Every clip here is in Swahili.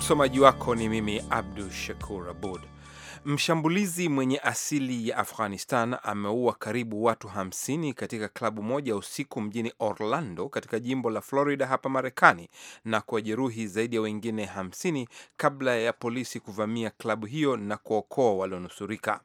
Msomaji wako ni mimi Abdu Shakur Abud. Mshambulizi mwenye asili ya Afghanistan ameua karibu watu 50 katika klabu moja usiku mjini Orlando katika jimbo la Florida hapa Marekani na kuwajeruhi zaidi ya wengine 50 kabla ya polisi kuvamia klabu hiyo na kuokoa walionusurika.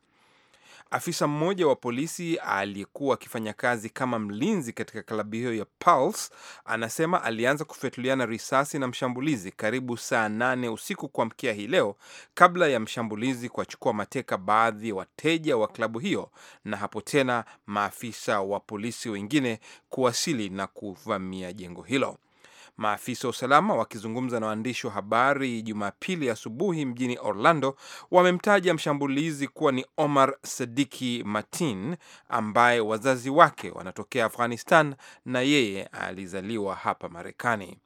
Afisa mmoja wa polisi aliyekuwa akifanya kazi kama mlinzi katika klabu hiyo ya Pulse anasema alianza kufyatuliana risasi na mshambulizi karibu saa nane usiku kuamkia hii leo, kabla ya mshambulizi kuwachukua mateka baadhi ya wateja wa klabu hiyo, na hapo tena maafisa wa polisi wengine kuwasili na kuvamia jengo hilo. Maafisa wa usalama wakizungumza na waandishi wa habari Jumapili asubuhi mjini Orlando wamemtaja mshambulizi kuwa ni Omar Sadiki Matin ambaye wazazi wake wanatokea Afghanistan na yeye alizaliwa hapa Marekani.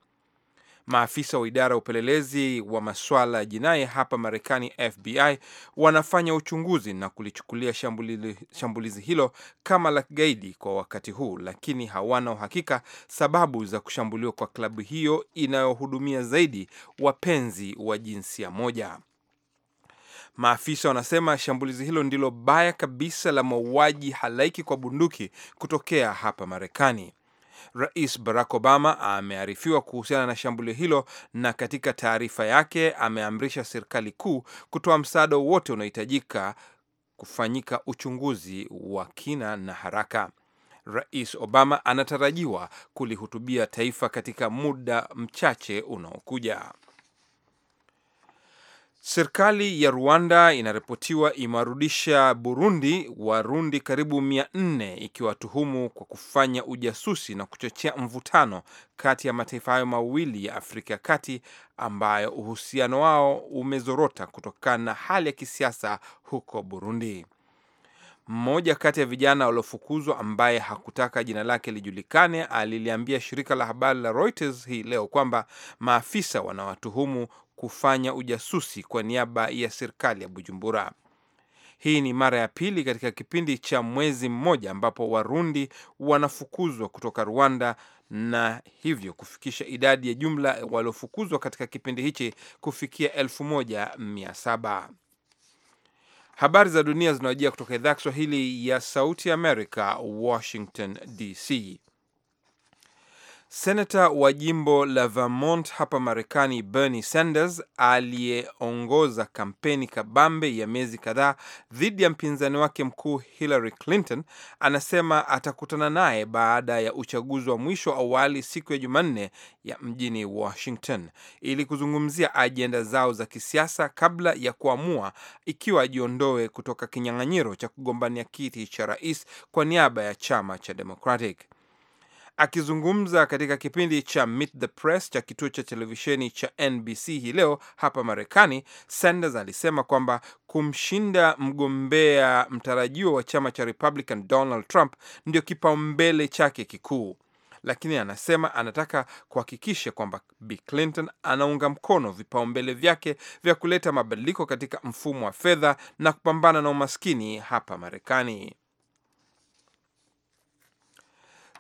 Maafisa wa idara ya upelelezi wa maswala ya jinai hapa Marekani, FBI, wanafanya uchunguzi na kulichukulia shambulizi, shambulizi hilo kama la kigaidi kwa wakati huu, lakini hawana uhakika sababu za kushambuliwa kwa klabu hiyo inayohudumia zaidi wapenzi wa jinsia moja. Maafisa wanasema shambulizi hilo ndilo baya kabisa la mauaji halaiki kwa bunduki kutokea hapa Marekani. Rais Barack Obama amearifiwa kuhusiana na shambulio hilo, na katika taarifa yake ameamrisha serikali kuu kutoa msaada wote unaohitajika kufanyika uchunguzi wa kina na haraka. Rais Obama anatarajiwa kulihutubia taifa katika muda mchache unaokuja. Serikali ya Rwanda inaripotiwa imewarudisha Burundi Warundi karibu mia nne ikiwatuhumu kwa kufanya ujasusi na kuchochea mvutano kati ya mataifa hayo mawili ya Afrika ya Kati ambayo uhusiano wao umezorota kutokana na hali ya kisiasa huko Burundi. Mmoja kati ya vijana waliofukuzwa ambaye hakutaka jina lake lijulikane aliliambia shirika la habari la Reuters hii leo kwamba maafisa wanawatuhumu kufanya ujasusi kwa niaba ya serikali ya Bujumbura. Hii ni mara ya pili katika kipindi cha mwezi mmoja ambapo Warundi wanafukuzwa kutoka Rwanda na hivyo kufikisha idadi ya jumla waliofukuzwa katika kipindi hichi kufikia elfu moja mia saba. Habari za dunia zinawajia kutoka idhaa Kiswahili ya Sauti Amerika, Washington DC. Senata wa jimbo la Vermont hapa Marekani, Bernie Sanders aliyeongoza kampeni kabambe ya miezi kadhaa dhidi ya mpinzani wake mkuu Hillary Clinton anasema atakutana naye baada ya uchaguzi wa mwisho awali siku ya Jumanne ya mjini Washington ili kuzungumzia ajenda zao za kisiasa kabla ya kuamua ikiwa ajiondoe kutoka kinyang'anyiro cha kugombania kiti cha rais kwa niaba ya chama cha Democratic. Akizungumza katika kipindi cha Meet the Press cha kituo cha televisheni cha NBC hii leo hapa Marekani, Sanders alisema kwamba kumshinda mgombea mtarajiwa wa chama cha Republican Donald Trump ndio kipaumbele chake kikuu, lakini anasema anataka kuhakikisha kwamba Bi Clinton anaunga mkono vipaumbele vyake vya kuleta mabadiliko katika mfumo wa fedha na kupambana na umaskini hapa Marekani.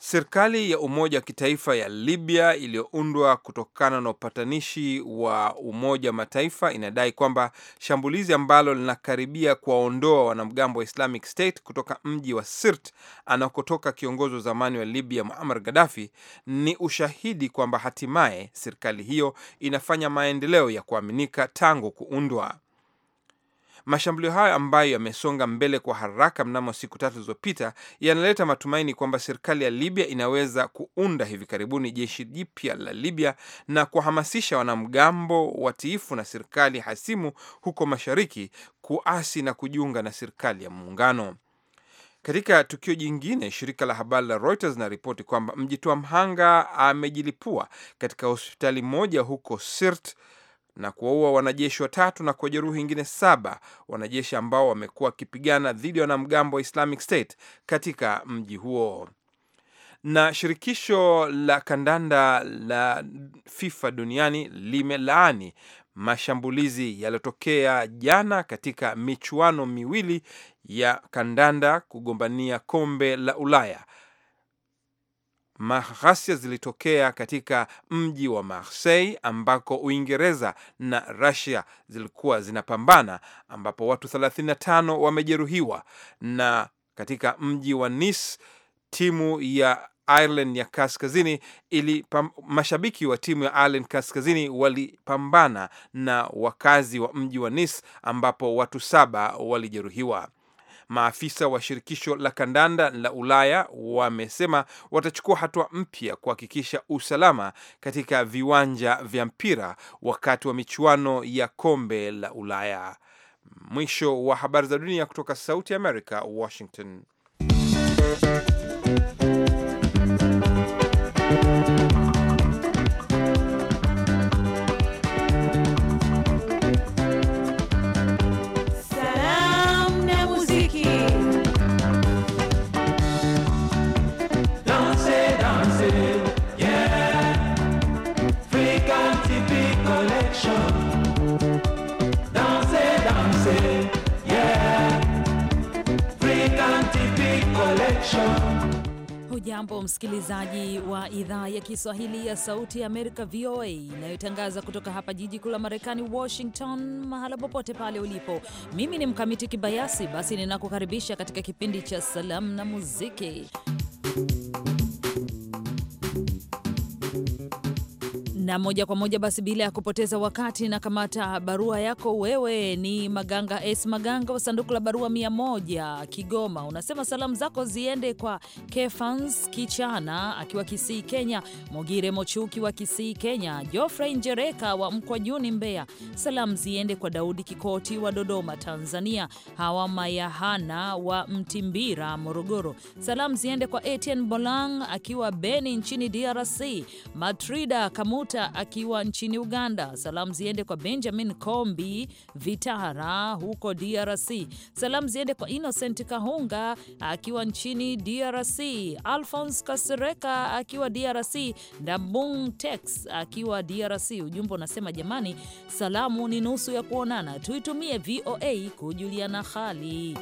Serikali ya umoja wa kitaifa ya Libya iliyoundwa kutokana na upatanishi wa Umoja wa Mataifa inadai kwamba shambulizi ambalo linakaribia kuwaondoa wanamgambo wa Islamic State kutoka mji wa Sirt anakotoka kiongozi wa zamani wa Libya Muammar Gaddafi ni ushahidi kwamba hatimaye serikali hiyo inafanya maendeleo ya kuaminika tangu kuundwa. Mashambulio hayo ambayo yamesonga mbele kwa haraka mnamo siku tatu zilizopita yanaleta matumaini kwamba serikali ya Libya inaweza kuunda hivi karibuni jeshi jipya la Libya na kuwahamasisha wanamgambo watiifu na serikali hasimu huko mashariki kuasi na kujiunga na serikali ya muungano. Katika tukio jingine, shirika la habari la Reuters linaripoti kwamba mjitoa mhanga amejilipua katika hospitali moja huko Sirt na kuwaua wanajeshi watatu na kuwajeruhi wengine saba wanajeshi ambao wamekuwa wakipigana dhidi ya wanamgambo wa Islamic State katika mji huo. Na shirikisho la kandanda la FIFA duniani limelaani mashambulizi yaliyotokea jana katika michuano miwili ya kandanda kugombania kombe la Ulaya Ghasia zilitokea katika mji wa Marseille ambako Uingereza na Russia zilikuwa zinapambana, ambapo watu 35 wamejeruhiwa, na katika mji wa Nice timu ya Ireland ya kaskazini ili pam, mashabiki wa timu ya Ireland kaskazini walipambana na wakazi wa mji wa Nice ambapo watu saba walijeruhiwa. Maafisa wa shirikisho la kandanda la Ulaya wamesema watachukua hatua mpya kuhakikisha usalama katika viwanja vya mpira wakati wa michuano ya kombe la Ulaya. Mwisho wa habari za dunia kutoka Sauti ya Amerika, Washington. msikilizaji wa idhaa ya Kiswahili ya Sauti ya Amerika, VOA, inayotangaza kutoka hapa jiji kuu la Marekani, Washington, mahala popote pale ulipo. Mimi ni Mkamiti Kibayasi, basi ninakukaribisha katika kipindi cha Salamu na Muziki. na moja kwa moja basi, bila ya kupoteza wakati, na kamata barua yako. Wewe ni Maganga S Maganga wa sanduku la barua mia moja, Kigoma. Unasema salamu zako ziende kwa Kefans Kichana akiwa Kisii, Kenya, Mogire Mochuki wa Kisii, Kenya, Jofrey Njereka wa mkwa juni Mbeya. Salamu ziende kwa Daudi Kikoti wa Dodoma, Tanzania, Hawa Mayahana wa Mtimbira, Morogoro. Salamu ziende kwa Etienne Bolang akiwa Beni nchini DRC, Matrida Kamuta Peter akiwa nchini Uganda. Salamu ziende kwa Benjamin Kombi Vitara huko DRC. Salamu ziende kwa Innocent Kahunga akiwa nchini DRC, Alphonse Kasereka akiwa DRC na Bung Tex akiwa DRC. Ujumbe unasema jamani, salamu ni nusu ya kuonana, tuitumie VOA kujuliana hali.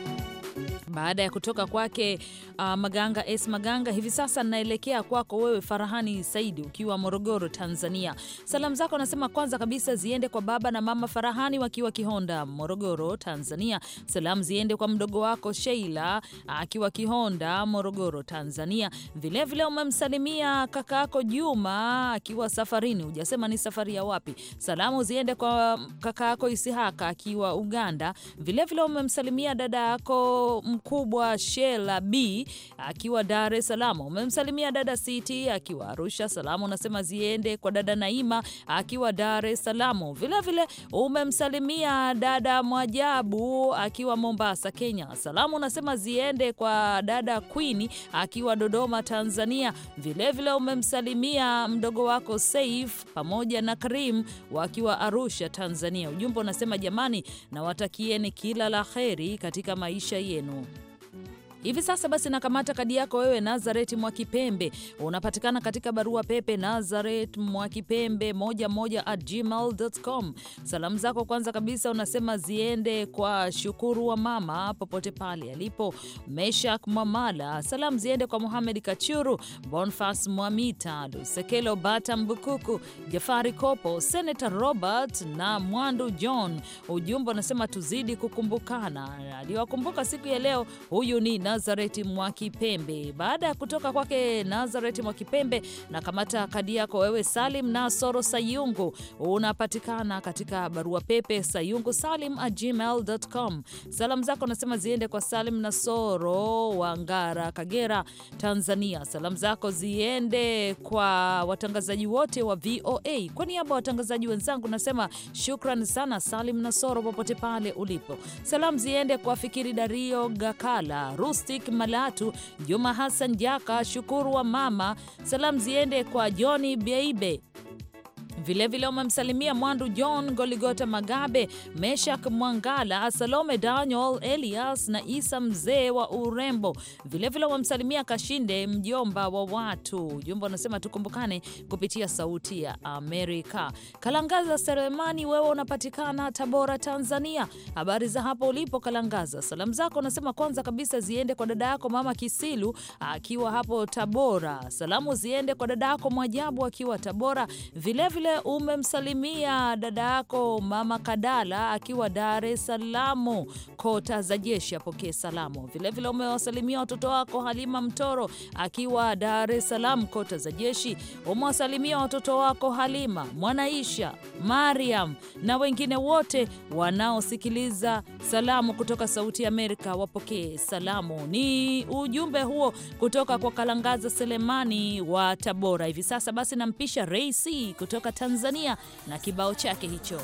Baada ya kutoka kwake uh, Maganga S Maganga, hivi sasa naelekea kwako wewe Farahani Saidi ukiwa Morogoro, Tanzania. Salamu zako anasema kwanza kabisa ziende kwa baba na mama Farahani wakiwa Kihonda, Morogoro, Tanzania. Salamu ziende kwa mdogo wako Sheila uh, akiwa Kihonda, Morogoro, Tanzania. Vilevile umemsalimia kaka yako Juma akiwa safarini, hujasema ni safari ya wapi. Salamu ziende kwa kaka yako Isihaka akiwa Uganda. Vilevile umemsalimia dada yako kubwa Shela B akiwa Dar es Salaam. Umemsalimia dada City akiwa Arusha, salamu unasema ziende kwa dada Naima akiwa Dar es Salaam. Vilevile umemsalimia dada Mwajabu akiwa Mombasa, Kenya. Salamu unasema ziende kwa dada Queen akiwa Dodoma, Tanzania. Vilevile umemsalimia mdogo wako Saif pamoja na Karim wakiwa Arusha, Tanzania. Ujumbe unasema jamani, nawatakieni kila la heri katika maisha yenu. Hivi sasa basi nakamata kadi yako wewe, Nazaret Mwakipembe, unapatikana katika barua pepe Nazaret Mwakipembe moja moja at gmail.com. Salamu zako kwanza kabisa unasema ziende kwa Shukuru wa mama popote pale alipo, Meshak Mwamala. Salamu ziende kwa Muhamed Kachuru, Bonfas Mwamita, Lusekelo Bata Mbukuku, Jafari Kopo, Senata Robert na Mwandu John. Ujumbe unasema tuzidi kukumbukana. Aliwakumbuka siku ya leo, huyu ni Nazareti Mwakipembe. Baada ya kutoka kwake Nazareti Mwakipembe, na kamata kadi yako wewe Salim Nasoro Sayungu, unapatikana katika barua pepe sayungu salim at gmail.com. Salamu zako nasema ziende kwa Salim Nasoro wa Ngara, Kagera, Tanzania. Salamu zako ziende kwa watangazaji wote wa VOA. Kwa niaba ya watangazaji wenzangu nasema shukran sana Salim Nasoro popote pale ulipo. Salamu ziende kwa Fikiri Dario Gakala Rus Faustik Malatu, Juma Hassan Jaka, Shukuru wa mama. Salamu ziende kwa Johni Beibe Vilevile wamemsalimia Mwandu John Goligota Magabe, Meshak Mwangala, Salome Daniel Elias na Isa mzee wa urembo. Vilevile wamemsalimia Kashinde mjomba wa watu. Ujumbe wanasema tukumbukane kupitia Sauti ya Amerika. Kalangaza Seremani, wewe unapatikana Tabora, Tanzania. Habari za hapo ulipo Kalangaza? Salamu zako unasema kwanza kabisa ziende kwa dada yako mama Kisilu akiwa hapo Tabora. Salamu ziende kwa dada yako Mwajabu akiwa Tabora vilevile vile umemsalimia dada yako mama Kadala akiwa Dar es Salaam, kota za jeshi apokee salamu. Vilevile umewasalimia watoto wako Halima Mtoro akiwa Dar es Salaam, kota za jeshi. Umewasalimia watoto wako Halima, Mwanaisha, Mariam na wengine wote wanaosikiliza salamu kutoka Sauti ya Amerika, wapokee salamu. Ni ujumbe huo kutoka kwa Kalangaza Selemani wa Tabora. Hivi sasa basi nampisha Reisi kutoka Tanzania na kibao chake hicho.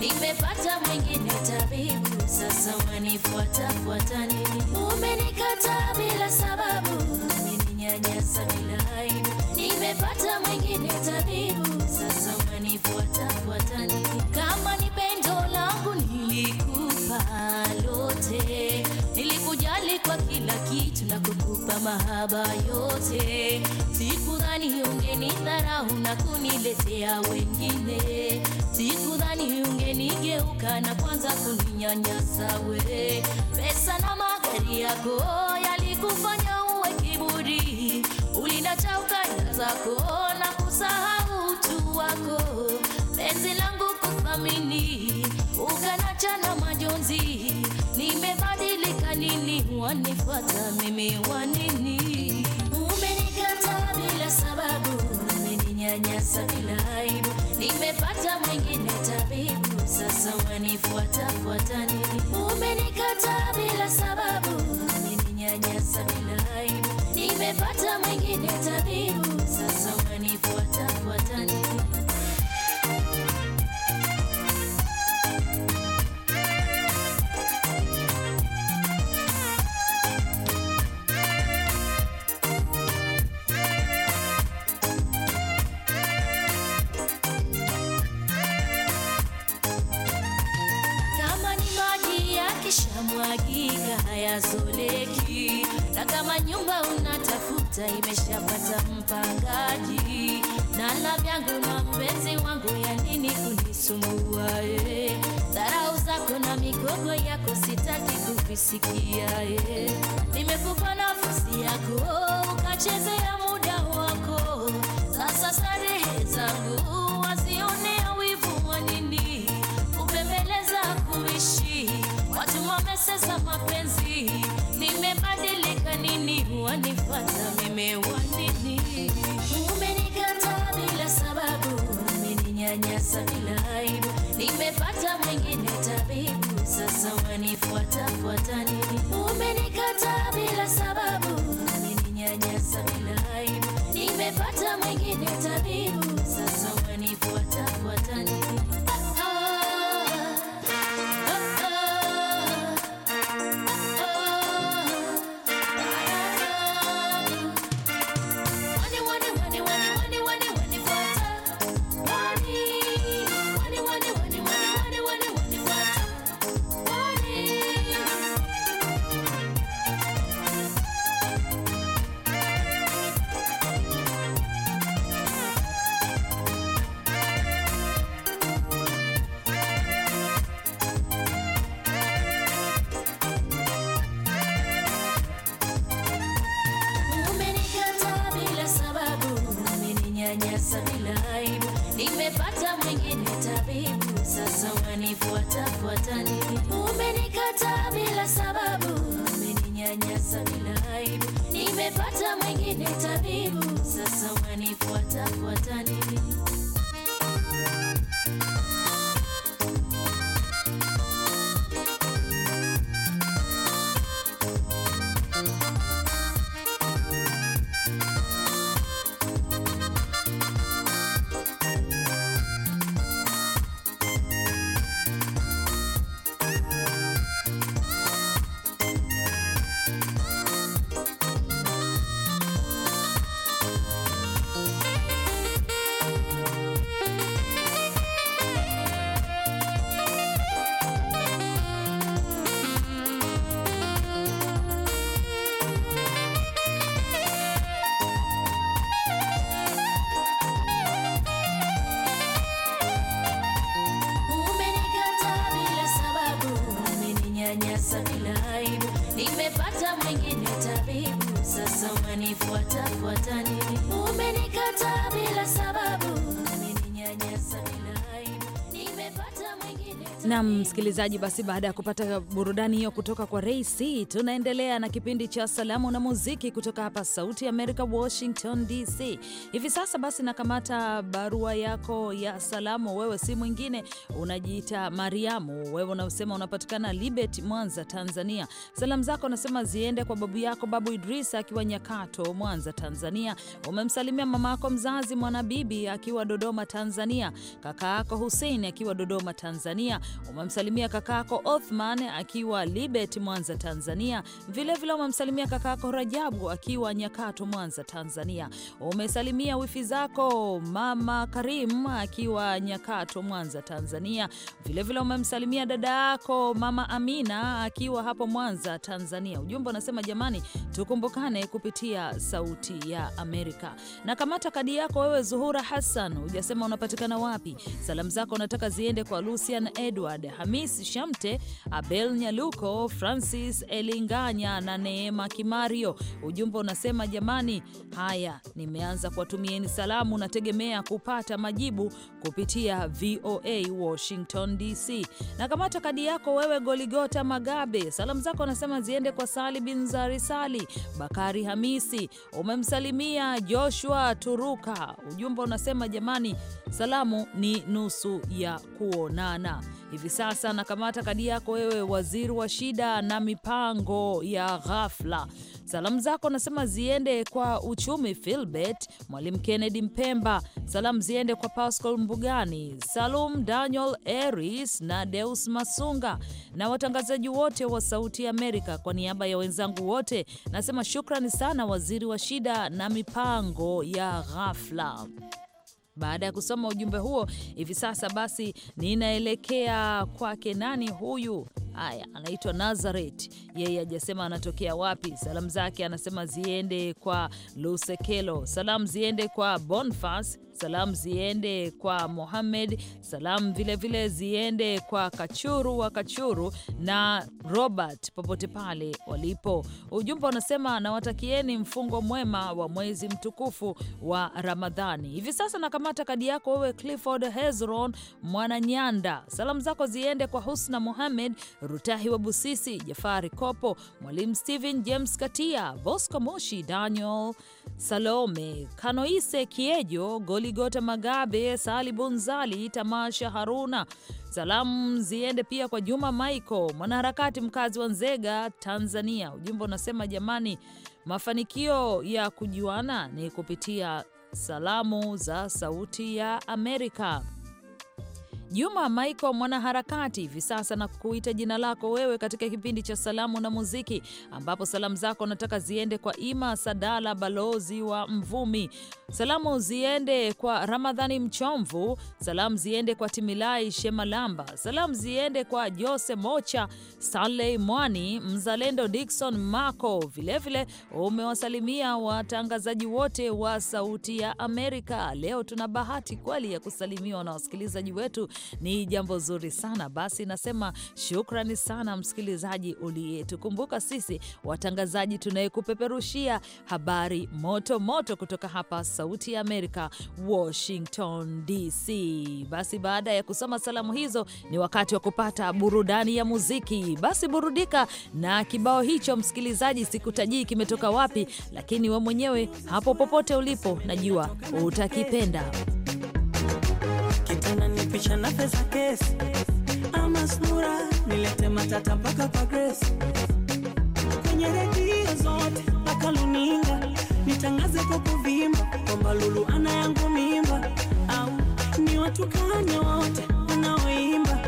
Nimepata mwingine tabibu, sasa wanifuata fuata nini? bila sababu, bila aibu. Nimepata mwingine tabibu, sasa wanifuata fuata nini? Kama ni pendo langu nilikupa lote, nilikujali kwa kila kitu na mahaba yote, sikudhani ungenidharau na kuniletea wengine, sikudhani ungenigeuka na kwanza kuninyanyasa we. Pesa na magari yako yalikufanya uwe kiburi, ulinachauka zako na kusaha wanifuata mimi wanini? Umenikataa bila sababu, umeninyanyasa bila aibu, nimepata mwingine tabibu, sasa wanifuata fuatani. Umenikataa bila sababu, umeninyanyasa bila aibu, nimepata mwingine tabibu, sasa wanifuata fuatani. yangu mapenzi mpenzi wangu, ya nini kunisumbua? Eh, dharau zako na migogo yako sitaki kuvisikia. Eh, nimekupa nafasi yako ukachezea muda wako, sasa starehe zangu wazionea wivu wa nini? Upembeleza kuishi watu wamesesa mapenzi, nimebadilika nini? Wanifata mimewa Sunlight, nimepata mwingine tabibu, sasa wanifuata fuata Umenikata bila sababu, bila aibu nimepata mwingine tabibu Nam msikilizaji, basi baada ya kupata burudani hiyo kutoka kwa Ray C, tunaendelea na kipindi cha salamu na muziki kutoka hapa Sauti ya Amerika, Washington DC. Hivi sasa basi nakamata barua yako ya salamu. Wewe si mwingine, unajiita Mariamu, wewe unaosema unapatikana Libet, Mwanza, Tanzania. Salamu zako unasema ziende kwa babu yako, babu idris akiwa Nyakato, Mwanza, Tanzania. Umemsalimia mama yako mzazi Mwanabibi akiwa Dodoma, Tanzania, kaka yako Husein akiwa Dodoma, Tanzania umemsalimia kakako Othman akiwa Libet, Mwanza, Tanzania. Vilevile umemsalimia kakako Rajabu akiwa Nyakato, Mwanza, Tanzania. Umesalimia wifi zako mama Karim akiwa Nyakato, Mwanza, Tanzania. Vilevile umemsalimia dada yako mama Amina akiwa hapo Mwanza, Tanzania. Ujumbe unasema jamani, tukumbukane kupitia Sauti ya Amerika. Na kamata kadi yako wewe, Zuhura Hassan, hujasema unapatikana wapi. Salamu zako nataka ziende kwa Lucian Edward Edward, Hamis Shamte, Abel Nyaluko, Francis Elinganya na Neema Kimario. Ujumbe unasema jamani, haya nimeanza kuwatumieni salamu, nategemea kupata majibu kupitia VOA Washington DC. Na kamata kadi yako wewe, Goligota Magabe. Salamu zako anasema ziende kwa Sali bin Sali, Bakari Hamisi, umemsalimia Joshua Turuka. Ujumbe unasema jamani, salamu ni nusu ya kuonana. Hivi sasa nakamata kadi yako wewe, waziri wa shida na mipango ya ghafla. Salamu zako nasema ziende kwa uchumi filbert Mwalimu Kennedy Mpemba. Salamu ziende kwa Pascal Mbugani, Salum Daniel Eris na Deus Masunga na watangazaji wote wa Sauti Amerika. Kwa niaba ya wenzangu wote nasema shukrani sana, waziri wa shida na mipango ya ghafla. Baada ya kusoma ujumbe huo, hivi sasa basi ninaelekea kwake. Nani huyu? Haya, anaitwa nazaret Yeye hajasema anatokea wapi. Salamu zake anasema ziende kwa Lusekelo, salamu ziende kwa Bonfas Salamu ziende kwa Mohamed, salamu vilevile ziende kwa Kachuru wa Kachuru na Robert popote pale walipo. Ujumbe unasema nawatakieni mfungo mwema wa mwezi mtukufu wa Ramadhani. Hivi sasa nakamata kadi yako wewe, Clifford Hezron Mwananyanda. Salamu zako ziende kwa Husna Mohamed Rutahi wa Busisi, Jafari Kopo, Mwalimu Stephen James Katia, Bosco Moshi, Daniel Salome Kanoise, Kiejo Goligota, Magabe Sali Bunzali, Tamasha Haruna. Salamu ziende pia kwa Juma Michael, mwanaharakati mkazi wa Nzega, Tanzania. Ujumbe unasema jamani, mafanikio ya kujuana ni kupitia salamu za Sauti ya Amerika. Juma Michael, mwanaharakati hivi sasa na kuita jina lako wewe katika kipindi cha salamu na muziki, ambapo salamu zako nataka ziende kwa Ima Sadala, balozi wa Mvumi. Salamu ziende kwa Ramadhani Mchomvu, salamu ziende kwa Timilai Shemalamba, salamu ziende kwa Jose Mocha, Stanley Mwani, Mzalendo dikson Mako. Vilevile umewasalimia watangazaji wote wa Sauti ya Amerika. Leo tuna bahati kweli ya kusalimiwa na wasikilizaji wetu ni jambo zuri sana. Basi nasema shukrani sana msikilizaji uliyetukumbuka sisi watangazaji tunayekupeperushia habari moto moto kutoka hapa Sauti ya Amerika, Washington DC. Basi baada ya kusoma salamu hizo, ni wakati wa kupata burudani ya muziki. Basi burudika na kibao hicho, msikilizaji, sikutajii kimetoka wapi, lakini we mwenyewe hapo popote ulipo, najua utakipenda picha na pesa kesi ama sura nilete matata mpaka kwa Grace kwenye redio zote mpaka luninga nitangaze kwa kuvimba kwamba Lulu ana yangu mimba au ni watukane wote wanaoimba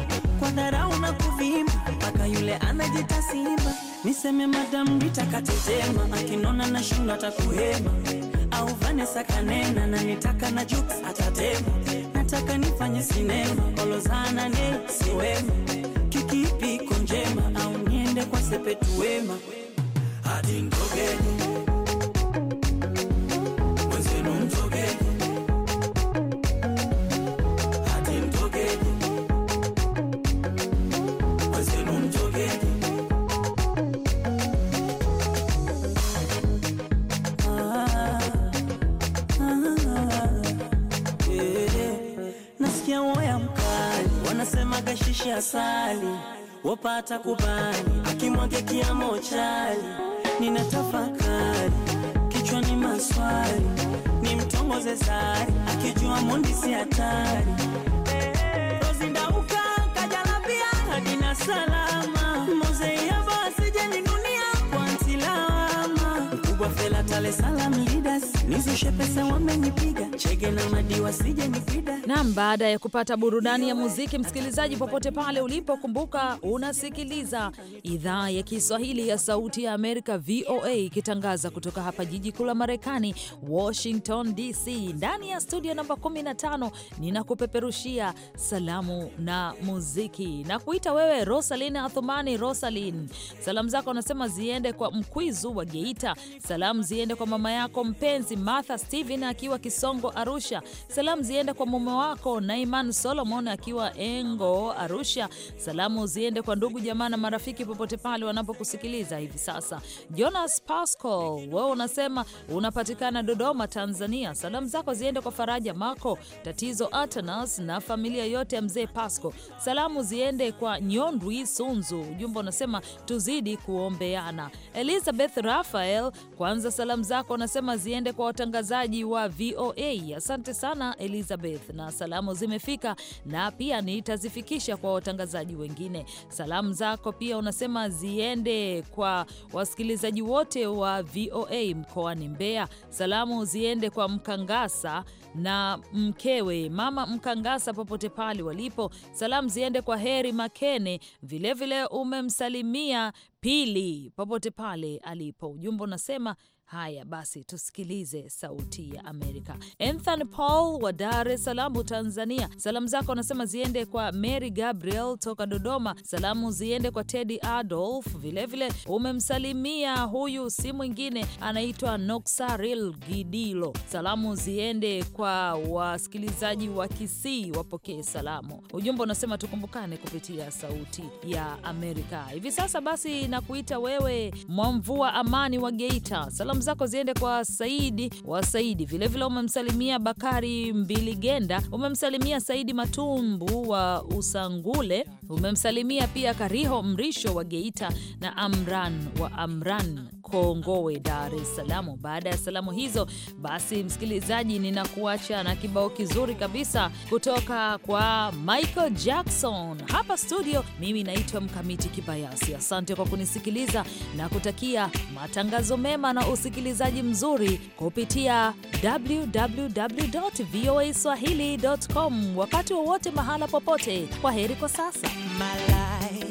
kwa dharau na kuvimba mpaka yule anajita simba niseme madamu nitakatetema akinona na shinda atakuhema au vanesa kanena na nitaka na Jux atatema Unataka nifanye sinema olozana ne siwema kikipi njema au niende kwa sepetu wema hadi asali wapata kubali, akimwaga kiamo chali, nina tafakari kichwa ni maswali, ni mtongoze sari, akijua mundi si hatari, rozi ndauka kajalabia salama, moze ya dunia kwa ntilama, mkubwa fela tale salam lidas Naam, baada ya kupata burudani ya muziki, msikilizaji popote pale ulipokumbuka, unasikiliza idhaa ya Kiswahili ya Sauti ya Amerika, VOA, ikitangaza kutoka hapa jiji kuu la Marekani, Washington DC. Ndani ya studio namba 15 ninakupeperushia salamu na muziki na kuita wewe Rosalin Athumani. Rosalin, salamu zako anasema ziende kwa Mkwizu wa Geita, salamu ziende kwa mama yako mpenzi Martha Steven akiwa Kisongo Arusha. Salamu ziende kwa mume wako Naiman Solomon akiwa Engo Arusha. Salamu ziende kwa ndugu jamaa na marafiki popote pale wanapokusikiliza hivi sasa. Jonas Pascal, wewe unasema unapatikana Dodoma, Tanzania. Salamu zako ziende kwa Faraja Mako, Tatizo Atanas na familia yote ya mzee Pasco. Salamu ziende kwa Nyondwi Sunzu, ujumbe unasema tuzidi kuombeana. Elizabeth Raphael, kwanza salamu zako unasema ziende kwa watangazaji wa VOA. Asante sana Elizabeth, na salamu zimefika na pia nitazifikisha kwa watangazaji wengine. Salamu zako pia unasema ziende kwa wasikilizaji wote wa VOA mkoani Mbeya. Salamu ziende kwa Mkangasa na mkewe mama Mkangasa popote pale walipo. Salamu ziende kwa Heri Makene, vilevile umemsalimia Pili popote pale alipo. Ujumbe unasema Haya basi, tusikilize Sauti ya Amerika. Anthony Paul wa Dar es Salaam, Tanzania, salamu zako anasema ziende kwa Mary Gabriel toka Dodoma, salamu ziende kwa Teddy Adolf, vilevile umemsalimia huyu si mwingine anaitwa Noxaril Gidilo. Salamu ziende kwa wasikilizaji wa Kisii, wapokee salamu. Ujumbe unasema tukumbukane kupitia Sauti ya Amerika. Hivi sasa basi nakuita wewe Mwamvua Amani wa Geita, salamu salamu zako ziende kwa Saidi wa Saidi, vilevile umemsalimia Bakari Mbiligenda, umemsalimia Saidi Matumbu wa Usangule, umemsalimia pia Kariho Mrisho wa Geita na Amran wa Amran kongowe Dar es Salaam. Baada ya salamu hizo, basi msikilizaji, ninakuacha na kibao kizuri kabisa kutoka kwa Michael Jackson. Hapa studio, mimi naitwa Mkamiti Kibayasi. Asante kwa kunisikiliza na kutakia matangazo mema na usikilizaji mzuri kupitia swahili.com, wakati wowote, mahala popote. Kwa heri kwa sasa. My life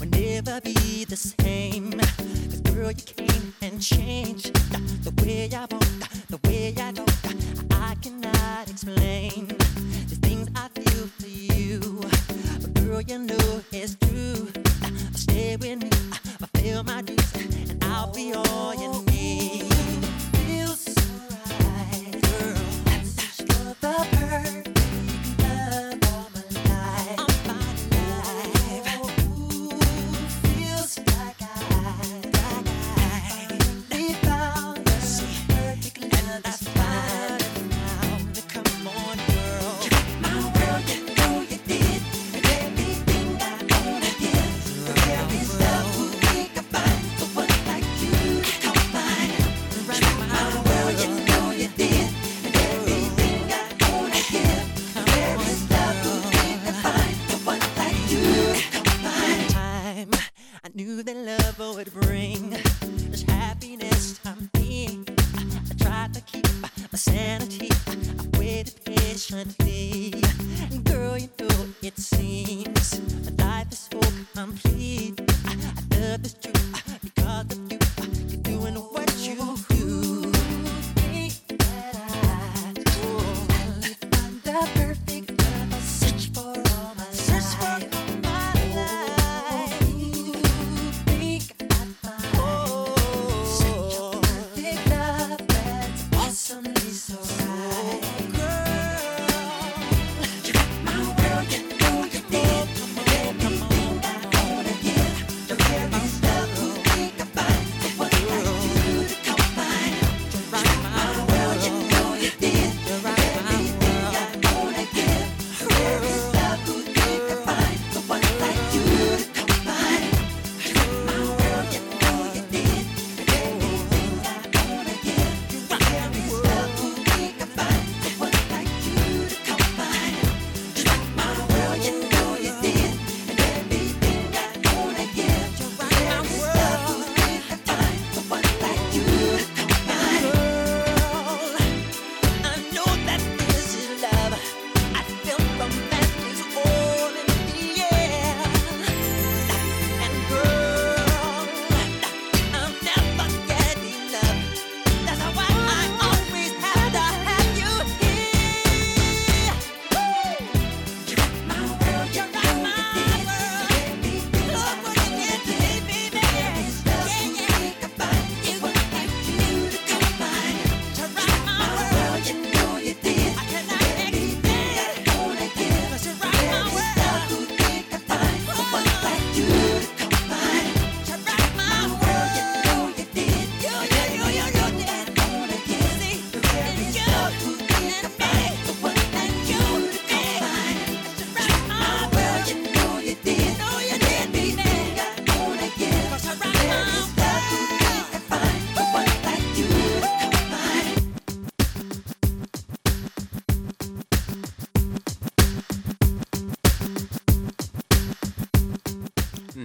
will never be the same. Girl, you came and changed the way I want, the way I don't. I cannot explain the things I feel for you. Girl, you know it's true. Stay with me, I feel my dreams, and I'll be all you need. Feels so right, girl. That's the bird.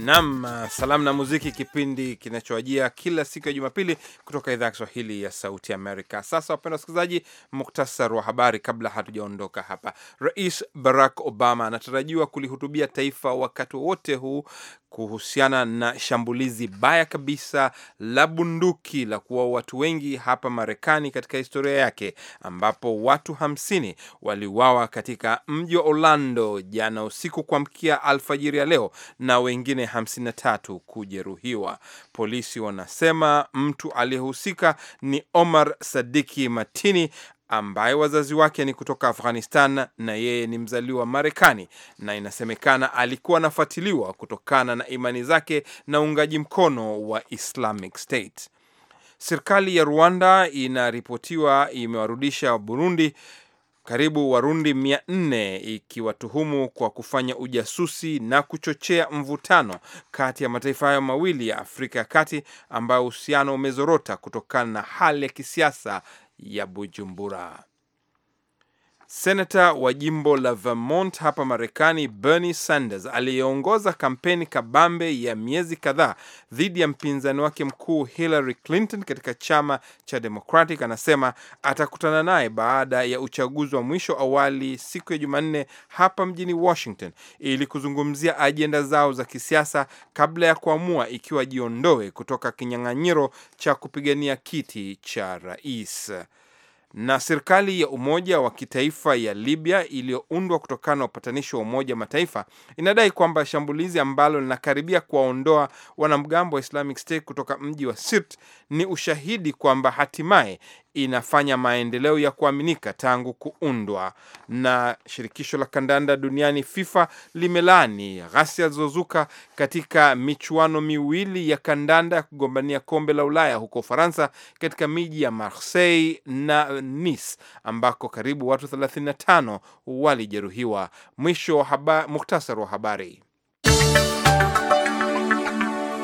Nam, salamu na muziki, kipindi kinachoajia kila siku ya Jumapili kutoka idhaa ya Kiswahili ya Sauti Amerika. Sasa wapenda wasikilizaji, muktasar wa habari kabla hatujaondoka hapa. Rais Barack Obama anatarajiwa kulihutubia taifa wakati wowote huu kuhusiana na shambulizi baya kabisa la bunduki la kuua watu wengi hapa Marekani katika historia yake, ambapo watu hamsini waliuawa katika mji wa Orlando jana usiku kuamkia alfajiri ya leo na wengine 53 kujeruhiwa. Polisi wanasema mtu aliyehusika ni Omar Sadiki Matini ambaye wazazi wake ni kutoka Afghanistan na yeye ni mzaliwa wa Marekani, na inasemekana alikuwa anafuatiliwa kutokana na imani zake na uungaji mkono wa Islamic State. Serikali ya Rwanda inaripotiwa imewarudisha Burundi karibu Warundi mia nne ikiwatuhumu kwa kufanya ujasusi na kuchochea mvutano kati ya mataifa hayo mawili ya Afrika ya Kati ambayo uhusiano umezorota kutokana na hali ya kisiasa ya Bujumbura. Senata wa jimbo la Vermont hapa Marekani, Bernie Sanders aliyeongoza kampeni kabambe ya miezi kadhaa dhidi ya mpinzani wake mkuu Hillary Clinton katika chama cha Democratic anasema atakutana naye baada ya uchaguzi wa mwisho awali siku ya Jumanne hapa mjini Washington ili kuzungumzia ajenda zao za kisiasa kabla ya kuamua ikiwa jiondoe kutoka kinyang'anyiro cha kupigania kiti cha rais. Na serikali ya umoja wa kitaifa ya Libya iliyoundwa kutokana na upatanishi wa Umoja Mataifa inadai kwamba shambulizi ambalo linakaribia kuwaondoa wanamgambo wa Islamic State kutoka mji wa sirt ni ushahidi kwamba hatimaye inafanya maendeleo ya kuaminika tangu kuundwa. Na shirikisho la kandanda duniani FIFA limelani ghasia zilizozuka katika michuano miwili ya kandanda ya kugombania kombe la Ulaya huko Ufaransa, katika miji ya Marseille na Nice ambako karibu watu 35 walijeruhiwa. Mwisho wa muhtasari wa habari.